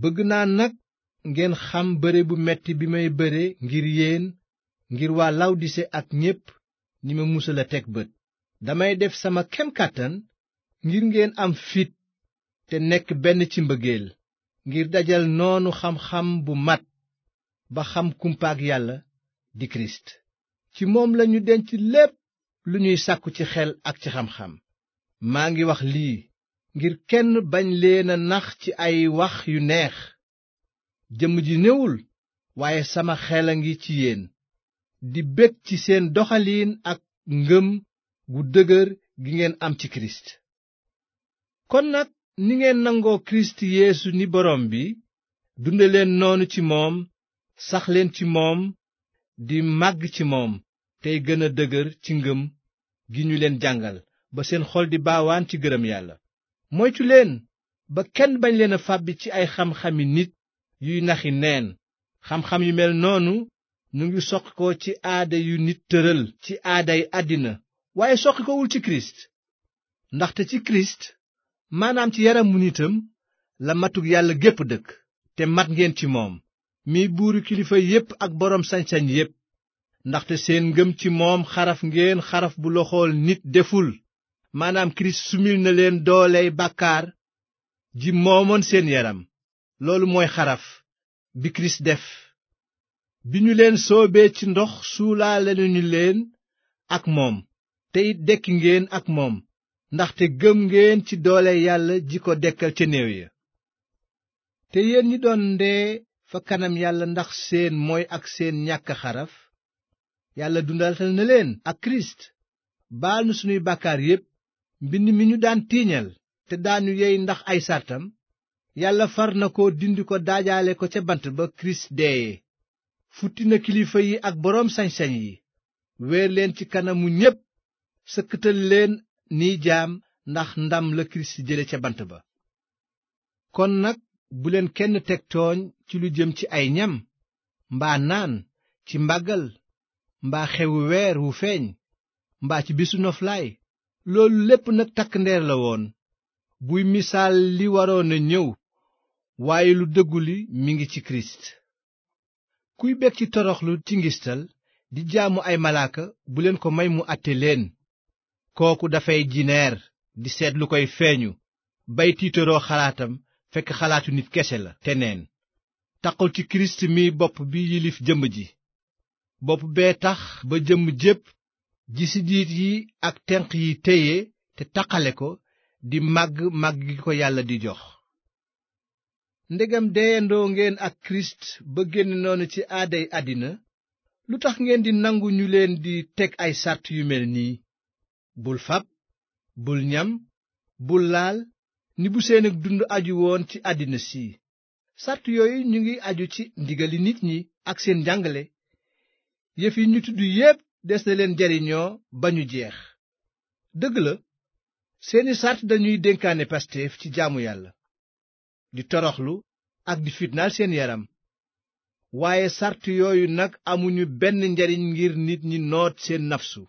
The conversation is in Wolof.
bëgg naa nag ngeen xam bëre bu metti bi may bëre ngir yéen ngir waa Lawdise ak ñépp ñi ma musal a teg bët damay def sama kem kàttan ngir ngeen am fit te nekk benn ci mbëggeel ngir dajal noonu xam-xam bu mat ba xam kumpaag yàlla di Kirist ci moom lañu denc lépp lu ñuy sàkku ci xel ak ci xam-xam maa ngi wax lii ngir kenn bañ leen a nax ci ay wax yu neex jëmm ji newul waaye sama xel a ngi ci yéen di bég ci seen doxaliin ak ngëm gu dëgër gi ngeen am ci kirist kon nag ni ngeen nangoo kirist yeesu ni borom bi dunde leen noonu ci moom sax ci moom di màgg ci moom tey gën a dëgër ci ngëm gi ñu leen jàngal ba seen xol di baawaan ci gërëm yàlla moytu leen ba kenn bañ leen a fàbbi ci ay xam-xami nit yuy naxi neen xam-xam yu mel noonu mu ngi soqi ko ci aada yu nit tëral ci aaday àddina waaye soqi kowul ci kirist ndaxte ci kirist maanaam ci yaram yaramu nitam la matuk yàlla gépp dëkk te mat ngeen ci moom mi buuru kilifa yépp ak boroom sañ-sañ yépp ndaxte seen ngëm ci moom xaraf ngeen xaraf bu loxool nit deful maanaam kirist sumil na leen dooley bàkkaar ji moomoon seen yaram loolu mooy xaraf bi kirist def bi ñu leen soobee ci ndox suulaale nañu leen ak moom te it dekki ngeen ak moom ndaxte gëm ngeen ci doole yàlla ji ko dekkal ca néew ya te yéen ñi doon dee fa kanam yàlla ndax seen mooy ak seen ñàkk xaraf yàlla dundal dundaltal na leen ak kirist baal nu sunuy bàkkaar yépp mbind mi ñu daan tiiñal te daanu yey ndax ay sàrtam yàlla far na ko dindi ko daajale ko ca bant ba kirist deeye futti na kilifa yi ak boroom sañ yi weer leen ci kanamu ñépp sëkkatal leen niy jaam ndax ndam la kirist jële ca bant ba kon nag buleen kenn teg tooñ ci lu jëm ci ay ñam mbaa naan ci mbagal mbaa xewu weer wu feeñ mbaa ci bisu noflaay loolu lépp nag takk ndeer la woon buy misaal li waroon a ñëw waaye lu dëggu li mi ngi ci kirist kuy bég ci toroxlu ci ngistal di jaamu ay malaaka bu leen ko may mu àtte leen kooku dafay jineer di seet lu koy feeñu bay tiitaroo xalaatam fekk xalaatu nit kese la te neen taqul ci kirist mi bopp bi yilif jëmm ji bopp bee tax ba jëmm jépp ji siddiit yi ak tenq yi téye te taqale ko di màgg màgg gi ko yàlla di jox ndegam deyandoo ngeen ak kirist ba génn noonu ci aaday àddina lu tax ngeen di nangu ñu leen di teg ay sàrt yu mel nii bul fab bul ñam bul laal ni bu seen ak dund aju woon ci àddina si sàrt yooyu ñu ngi aju ci ndigali nit ñi ak seen njàngale yëf yi ñu tudd yépp des na leen njariñoo ba ñu jeex dëgg la seeni sart dañuy dénkaane Pastef ci jaamu yàlla di toroxlu ak di fitnaal seen yaram waaye sart yooyu nag amuñu benn njariñ ngir nit ñi noot seen nafsu